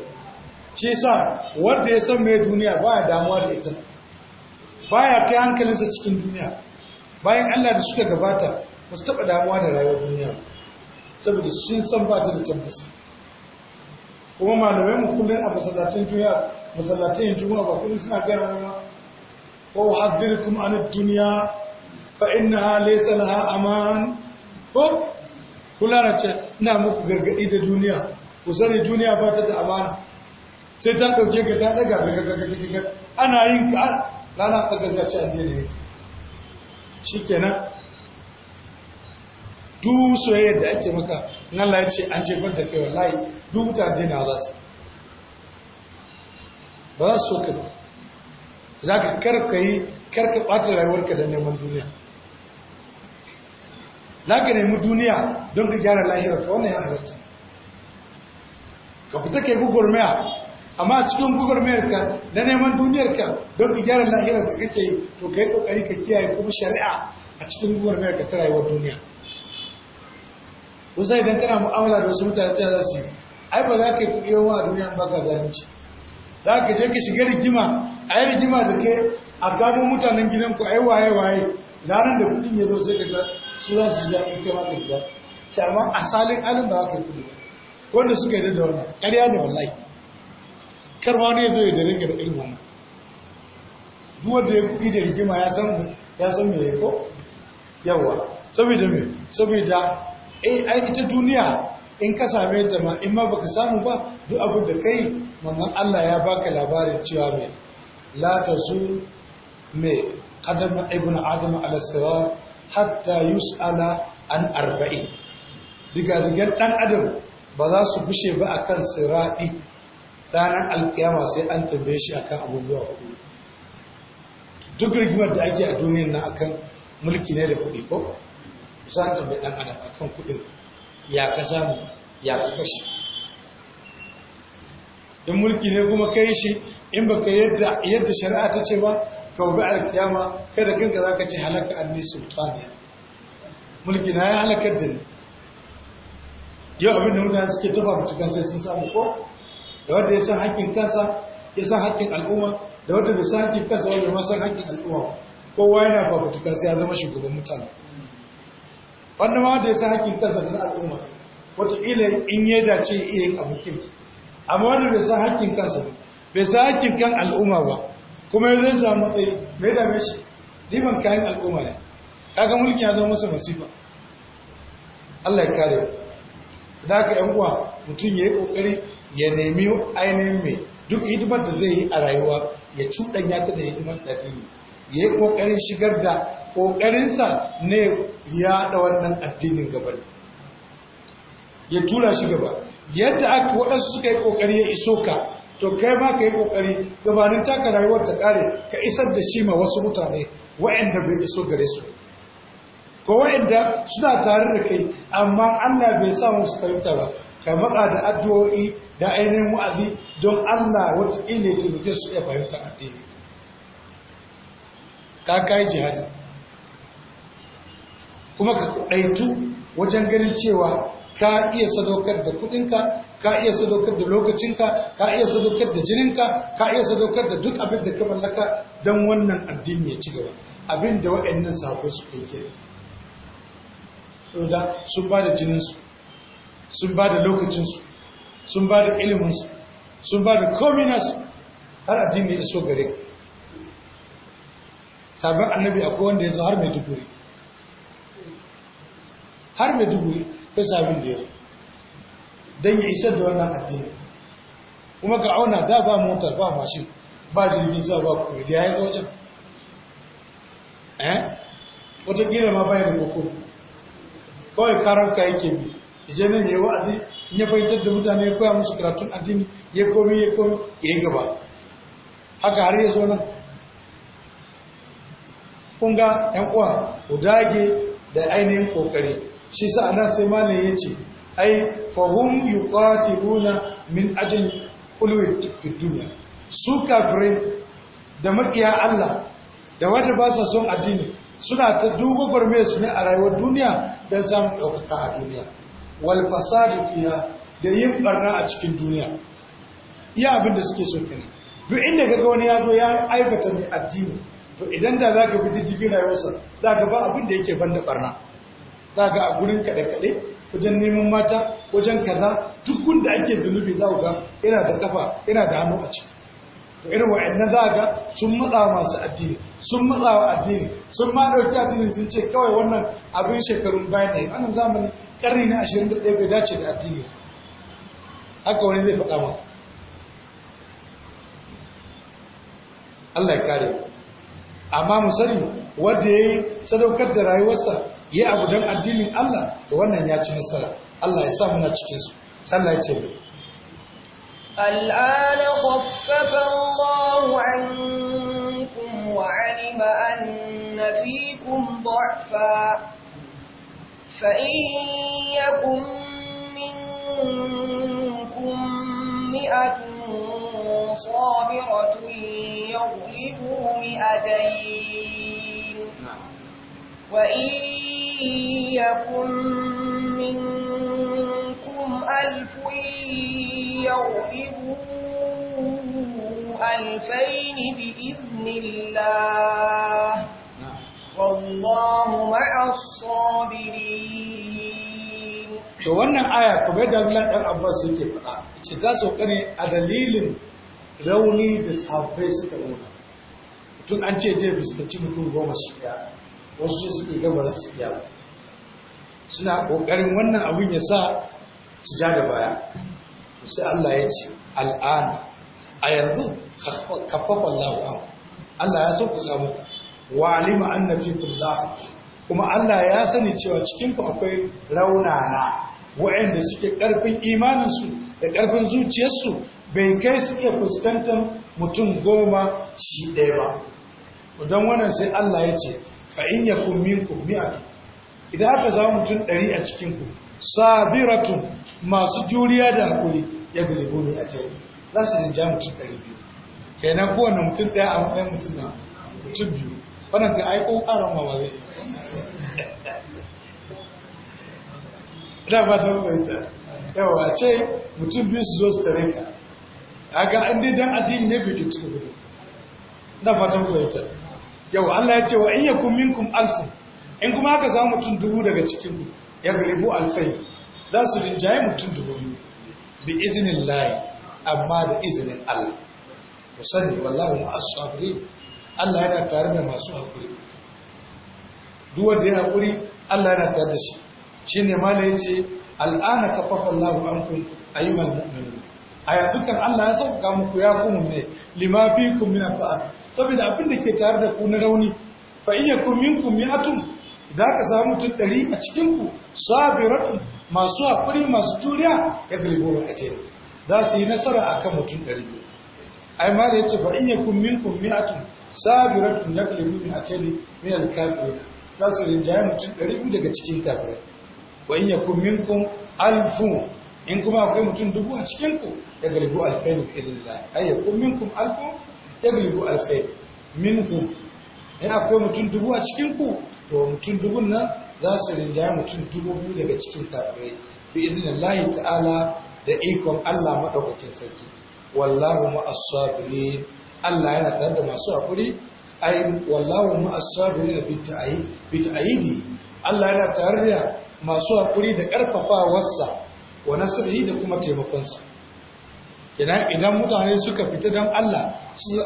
shi sa wadda ya san mai duniya ba ya damuwa da ita ba ya kai hankalinsa cikin duniya bayan Allah da suka gabata ba su taɓa damuwa da rayuwar duniya saboda sun san ba ta da tabbas kuma malamai mu kullum a masallatin juya, masallatin juma'a ba kullum suna gaya mana ko kuma an duniya fa innaha laysa laha aman ko kula ce ina muku gargadi da duniya ku sani duniya ba ta da amana sai ta dauke ka ta daga ana yin ka rana ta gaza ce an ne ke nan soyayyar da ake maka nan la ce an jefar da kai wallahi duk dina a za su ba za su so ka ba za ka karka yi karka ɓata rayuwarka da neman duniya za ka nemi duniya don ka gyara lahirar ka wani ya halatta ka fita kai gugurmaya amma cikin gugurmiyarka na neman duniyarka don ka gyara lahirar da kake yi to ka yi kokari ka kiyaye kuma shari'a a cikin gugurmiyarka ta rayuwar duniya kusa idan kana mu'amala da wasu mutane ta za su yi ai ba za ka yi kuɗi yawa a duniya ba ka zalunci za ka je ka shiga rigima a yi rigima da ke a gano mutanen gidanku ai waye waye ranar da kuɗin ya zo sai ka su za su shiga daɗin ma ka ji amma asalin alin ba za ka yi kuɗi ba wanda suka yi da wannan ƙarya ne wallahi kar ma ne zai da rage da irin duk wanda ya kuɗi da rigima ya san ya san ko yawa saboda me saboda eh ai ita duniya in ka same ta ma in ma baka samu ba duk abin da kai manzon Allah ya baka labarin cewa me la tazu me qadama ibnu adam ala sirat hatta yus'ala an arba'in diga digan dan adam ba za su bushe ba akan siradi ranar alkiyama sai an tambaye shi akan abubuwa hudu duk rigimar da ake a duniyar na akan mulki ne da kuɗi ko sa an tambaye ɗan adam akan kuɗin ya ka samu ya ka kashe in mulki ne kuma kai shi in baka yadda yadda shari'a ta ce ba ka bi alkiyama kai da kanka zaka ce halaka annis sultaniya mulki na ya halakar da ni yau abin da mutane suke tafa kan sai sun samu ko da wanda ya san haƙƙin kansa ya san haƙƙin al'umma da wanda bai san haƙƙin kansa wanda ma san haƙƙin al'umma kowa yana fafutuka sai ya zama shugaban mutane wanda ma wanda ya san haƙƙin kansa da al'umma wataƙila in ya dace iya yin abu kirki amma wanda bai san haƙƙin kansa bai san haƙƙin kan al'umma ba kuma ya zai samu matsayi mai dame shi riban kayan al'umma ne kaga mulkin ya zama masa masifa Allah ya kare mu da aka yan uwa mutum ya yi kokari ya nemi ainihin mai duk hidimar da zai yi a rayuwa ya cuɗanya ta da hidimar addini ya yi kokarin shigar da kokarinsa ne ya da wannan addinin gabar ya tura shi gaba yadda aka waɗansu suka yi kokari ya iso ka to kai ma ka yi kokari gabanin taka rayuwar ta kare ka isar da shi ma wasu mutane wa'anda bai iso gare su ko wa'anda suna tare da kai amma Allah bai sa musu fahimta ba ka maka da addu'o'i da ainihin wa'azi don Allah wata ile mutu su iya fahimta addini ka kai jihadi kuma ka ɗaitu wajen ganin cewa ka iya sadaukar da kuɗinka, ka iya sadaukar da lokacinka ka iya sadaukar da jininka ka iya sadaukar da duk abin da ka mallaka don wannan addini ya ci gaba abin da waɗannan sabo su kai saboda sun ba da jininsu sun ba da lokacinsu sun ba da iliminsu sun ba da kominas har addini ya so gare ka sabon annabi akwai wanda ya zo har mai duburi. har mai duburi ko sabon da ya don ya isar da wannan addini kuma ka auna da ba mota ba mashin ba jirgin za ba kuri da ya yi wajen eh wata gina ma bayan da kokoro kawai karabka yake bi ije nan yi wa'azi ya fahimtar da mutane ya koya musu karatun addini ya komi ya komi ya yi gaba haka har ya zonar nan kunga yan uwa ku dage da ainihin kokari shi sa anan sai malam ya ce ai fahum runa min ajin ulwi tukkin duniya su kafirai da makiya Allah da wata ba sa son addini suna ta dogogwar mai su ne a rayuwar duniya don samun ɗaukaka a duniya wal da fiya da yin barna a cikin duniya iya abin da suke so duk inda kaga wani yazo ya aikata mai addini to idan da zaka bi diddigin rayuwarsa zaka ba abin da yake banda barna zaka a gurin kaɗe kaɗe wajen neman mata wajen kaza duk gunda ake zunubi za ga ina da kafa ina da hannu a ciki to irin wa'annan za ga sun matsa masu addini sun matsa wa addini sun ma dauki addini sun ce kawai wannan abin shekarun baya yi wannan zamani karni na 21 bai dace da addini haka wani zai faɗa maka Allah ya kare amma mu sani wanda yi sadaukar da rayuwarsa ya abu don addinin Allah to wannan ya ci nasara Allah ya sa muna cikinsu. Allah ya ce الآن خفف الله عنكم وعلم أن فيكم ضعفا فإن يكن منكم مئة صابرة يغلبوا مئتين وإن يكن منكم ألف يغلبوا ألفين بإذن الله والله مع الصابرين wannan aya kuma da Allah dan Abbas yake faɗa ce ta so kare a dalilin rauni da sahabbai suka nuna tun an ce zai ci mutum goma su iya wasu suke gaba za su iya suna ƙoƙarin wannan abin ya sa su ja da baya sai Allah ya ce al'ana a yanzu kafafan Allah Allah ya so ku samu wa alima na kuma Allah ya sani cewa cikin ku akwai raunana waɗanda suke ƙarfin imaninsu da ƙarfin zuciyarsu bai kai su iya fuskantar mutum goma shi ɗaya ba don wannan sai Allah ya ce fa'in ya kummin kummi a idan aka zama mutum ɗari a cikinku sabiratun masu juriya da haƙuri ya galibu ne a jari za su jinja mutum ɗari biyu kenan kowane mutum ɗaya a matsayin mutum na mutum biyu wannan ga aiko ƙarar ma ba zai ina ba ta mabaita yawa ce mutum biyu su zo su tare ka a ga an dai dan addini ne biyu cikin gudu ina ba ta mabaita yawa Allah ya ce wa in yakun minkum alfu. in kuma aka samu mutum dubu daga cikin ya galibu alfai za su rinjaye mutum da biyu bi izinin layi amma da izinin Allah ku sani wallahu ma'asu haƙuri Allah yana tare da masu haƙuri duk wanda ya haƙuri Allah yana tare da shi ma mala yace al'ana a yi ankum ayyuhal A yanzu kan Allah ya sauka muku ya ku ne lima fikum min ta'at saboda abin da ke tare da ku na rauni fa iyyakum minkum mi'atun idan ka samu mutum ɗari a cikin ku sabiratun masu haƙuri masu juriya ya galibo a ce za su yi nasara a kan mutum ɗari biyu yi ma da ya ce ba in yi kun min kun mi'atun sabiratun ya galibo a ce ne min alkafirai za su rinjaye mutum ɗari biyu daga cikin kafirai ba'in in yi kun min kun alfun in kuma akwai mutum dubu a cikinku ya galibo alfai ne ilillah ai ya kun min kun alfun ya galibo alfai min kun in akwai mutum dubu a cikinku to mutum dubun nan za su rinja mutum dubu daga cikin tafiye bi idina lahi ta'ala da ikon Allah maɗaukakin sarki wallahu ma'asabiri Allah yana tare da masu haƙuri ai wallahu ma'asabiri da bita'aidi Allah yana tare da masu haƙuri da ƙarfafawarsa wa nasiri da kuma taimakonsa idan mutane suka fita don Allah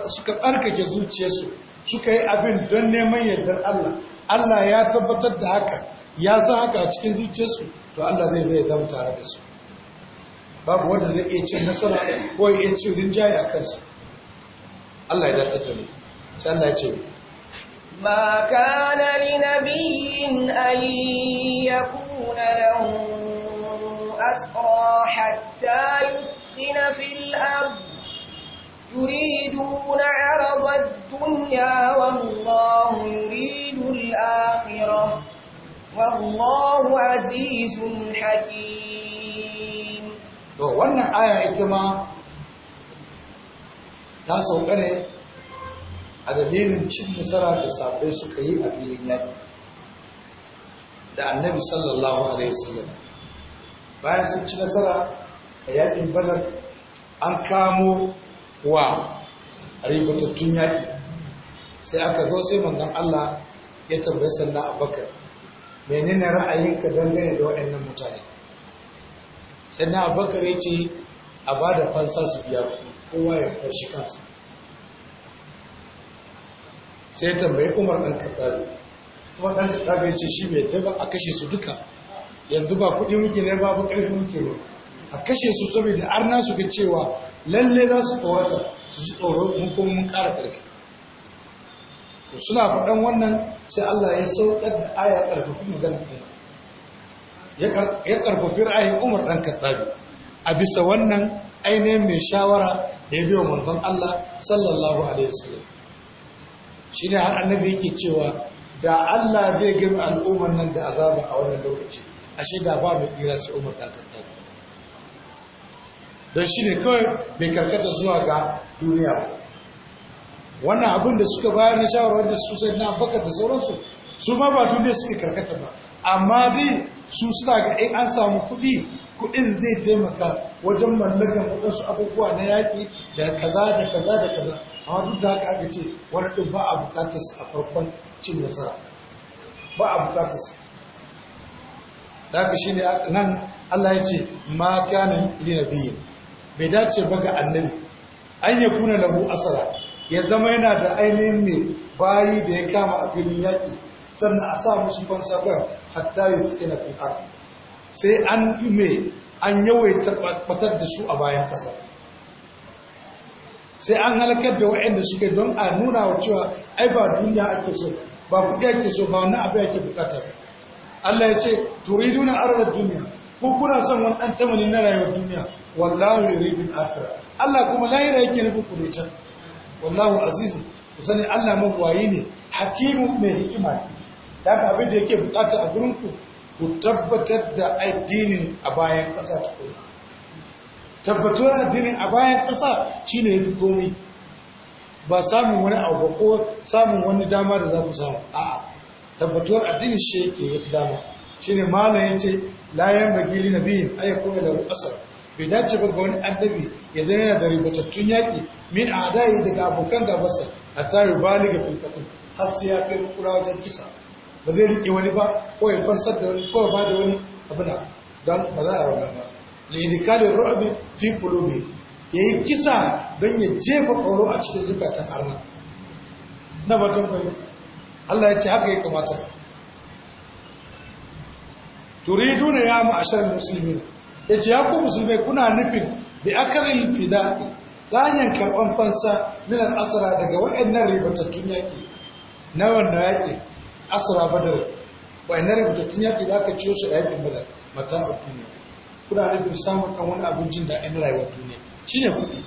suka tsarkake zuciyarsu suka yi abin don neman yardar Allah Allah ya tabbatar da haka ya san haka a cikin zuciyarsu to Allah zai zai zama tare da su babu wanda zai iya cin nasara ko ya iya cin rinjaye a kansu Allah ya dace da ni, sai Allah ya ce ما كان لنبي ya kuna له asra hatta yi fil الأرض يريدون عرض الدنيا والله يريد الآخرة والله عزيز حكيم to wannan aya ita ma ta sauka ne a dalilin cin nasara da sabai suka yi a filin yaƙi da annabi sallallahu alaihi wasallam bayan sun ci nasara a yaƙin badar an kamo wa ribatattun yaƙi sai aka zo sai mangan Allah ya tambayi sannan abubakar menene ra'ayinka dangane da waɗannan mutane sannan abubakar ya ce a ba da fansa su biya kowa ya fashi kansa sai tambayi umar ɗan kaɗaɗe kuma ɗan kaɗaɗe ya ce shi mai daba a kashe su duka yanzu ba kuɗi muke ne ba ba ƙarfi muke ne a kashe su saboda arna su cewa lalle za su tsorata su ji tsoro mun kuma mun ƙara ƙarfi suna faɗan wannan sai Allah ya saukar da aya ƙarfafi magana ɗaya ya ƙarfafi ra'ayin Umar ɗan Kattabi a bisa wannan ainihin mai shawara da ya biyo manzon Allah sallallahu alaihi wasallam shine har annabi yake cewa da Allah zai girma al'ummar nan da azaba a wannan lokaci ashe da ba mai kira sai Umar ɗan Kattabi don shi ne kawai bai karkata zuwa ga duniya wannan abin da suka bayar na shawarwar da su sai na bakar da sauransu su ma ba duniya suke karkata ba amma dai su suna ga in an samu kuɗi kuɗin zai taimaka wajen mallakar waɗansu abubuwa na yaƙi da kaza da kaza da kaza amma duk da haka aka ce wani ɗin ba a buƙatar a farkon cin nasara ba a buƙatar da haka shi ne nan Allah ya ce ma kanin ilina biyu bai dace ba ga annabi an ya kuna lahu asara ya zama yana da ainihin mai bayi da ya kama a filin yaƙi sannan a sa musu fansa ba hatta yi tsaye na fi haka sai an mai an yawaita tabbatar da su a bayan ƙasa sai an halakar da waɗanda suke don a nuna wa cewa ai ba duniya ake so ba kuɗi ake so ba wani abu ake bukatar Allah ya ce duniya arar duniya ko kuna son wani ɗan tamali na rayuwar duniya wallahu yuridul akhirah Allah kuma lahira yake nufin kuruta wallahu aziz ku sani Allah magwayi ne hakimu mai hikima ne da haka abin da yake bukata a gurin ku ku tabbatar da addinin a bayan ƙasa ta kuma tabbatuwar addinin a bayan ƙasa shine yafi komai ba samun wani abu ko samun wani dama da za ku samu a'a tabbatuwar addinin shi yake yafi dama shine malam yace la yan bagili nabiyin ayyakuna lahu asar bai dace ba ga wani annabi ya zama yana da ribatattun yaƙi min a adayi daga abokan gabarsa a ba bali ga kulkatun har sai ya kai kura wajen kisa ba zai riƙe wani ba ko ya farsar da wani ko ba da wani abu na don ba za a rana ba lidikalin ru'abi fi kulobe ya yi kisa don ya jefa tsoro a cikin zukatan arna na batun fahimta Allah ya ce haka ya kamata turiduna ya ma'ashar musulmi ya ce ya su mai kuna nufin da akarin fida'i ta hanyar karɓar fansa min al'asara daga waɗannan ribatattun yaƙi na wanda yaƙi asara badar waɗannan ribatattun yaƙi da aka ciyo su a yaƙin badar mata a duniya kuna nufin samun ɗan wani abincin da ɗan rayuwar duniya ne kuɗi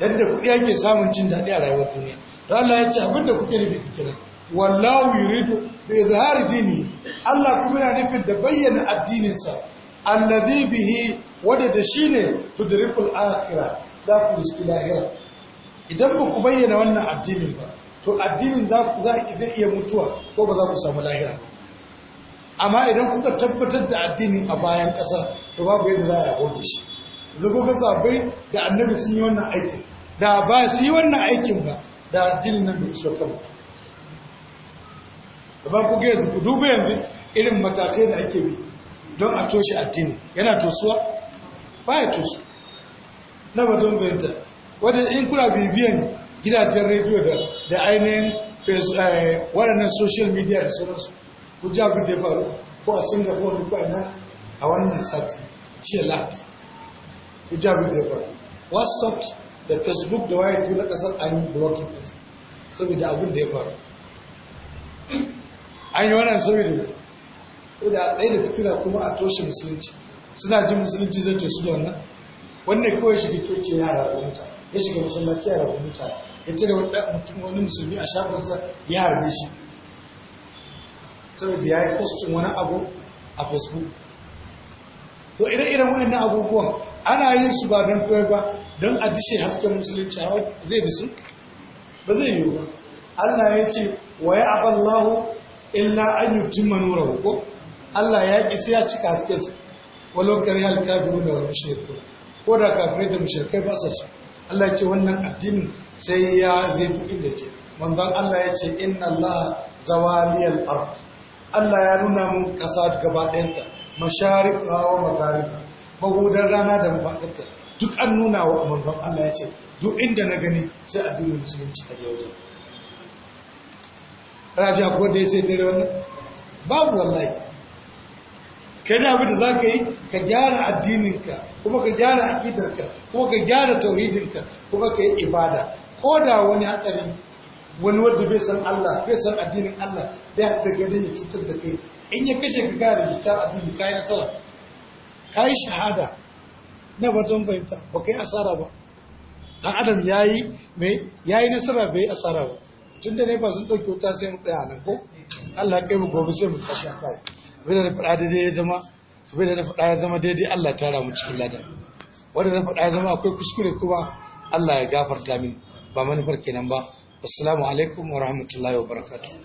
yadda kuɗi ake samun jin daɗi a rayuwar duniya da Allah ya ce abinda kuke nufi kike nan wallahu yuridu bi zahari dini Allah kuma yana nufin da bayyana addininsa annabi bihi wanda da shine tudrikul akhirah za ku riski lahira idan ba ku bayyana wannan addinin ba to addinin za zai iya mutuwa ko ba za ku samu lahira amma idan kuka tabbatar da addinin a bayan ƙasa to babu yadda za a da shi yanzu kuka sabai da annabi sun yi wannan aikin da ba su yi wannan aikin ba da addinin nan da iso kan ba ku gaya yanzu ku yanzu irin matakai da ake bi don a toshe addini yana tosuwa ba ya tosu na batun fahimta wadda in kuna bibiyan gidajen rediyo da ainihin eh, waɗannan social media da sauransu ku ja abin da ya faru ko a singapore da a nan a wannan sati ce lati ku ja abin da ya faru whatsapp da facebook da waye tu na ƙasar an yi blocking ɗinsa saboda abin da ya faru an yi wannan saboda ko da ɗaya da fitina kuma a toshe musulunci suna jin musulunci zai tosu da wannan wannan kawai shiga coci ya harbi ya shiga musulunci ya harbi mutane ya tare wani musulmi a shafinsa ya harbe shi saboda ya yi postin wani abu a facebook to ire-iren na abubuwan ana yin su ba don kawai ba don a dishe hasken musulunci a zai da su. ba zai yiwu ba Allah ya ce wa ya aballahu illa an yi jimma nura hukum? Allah ya ƙi sai ya cika haskensa walau kare alkafiru da shekaru. ko da kafirai da mushrikai ba su Allah ya ce wannan addinin sai ya zai tuki da ke manzon Allah ya ce inna Allah zawaliyar ard Allah ya nuna mun kasa gaba ɗayanta masharik hawa maghariba magudan rana da mafaɗinta duk an nuna wa manzon Allah ya ce duk inda na gani sai addinin musulunci a yau raja ko dai sai dare wannan babu wallahi kai na abin da za ka yi ka gyara addininka kuma ka gyara akidarka kuma ka gyara tauhidinka kuma ka yi ibada ko da wani hatsari wani wanda bai san Allah bai san addinin Allah bai haɗa gani ya cutar da kai in ya kashe ka gara jita addini ka yi nasara ka yi shahada na batun fahimta ba ka yi asara ba dan adam ya yi mai ya yi nasara bai yi asara ba tun da ne ba sun ɗauki wuta sai mu ɗaya nan ko Allah kai mu gobe sai mu tashi a kai abinda na faɗa daidai ya zama abinda na faɗa ya zama daidai Allah ta ramu cikin ladan wanda na faɗa ya zama akwai kuskure kuma Allah ya gafarta min ba manufar kenan ba assalamu alaikum wa rahmatullahi wa barakatuh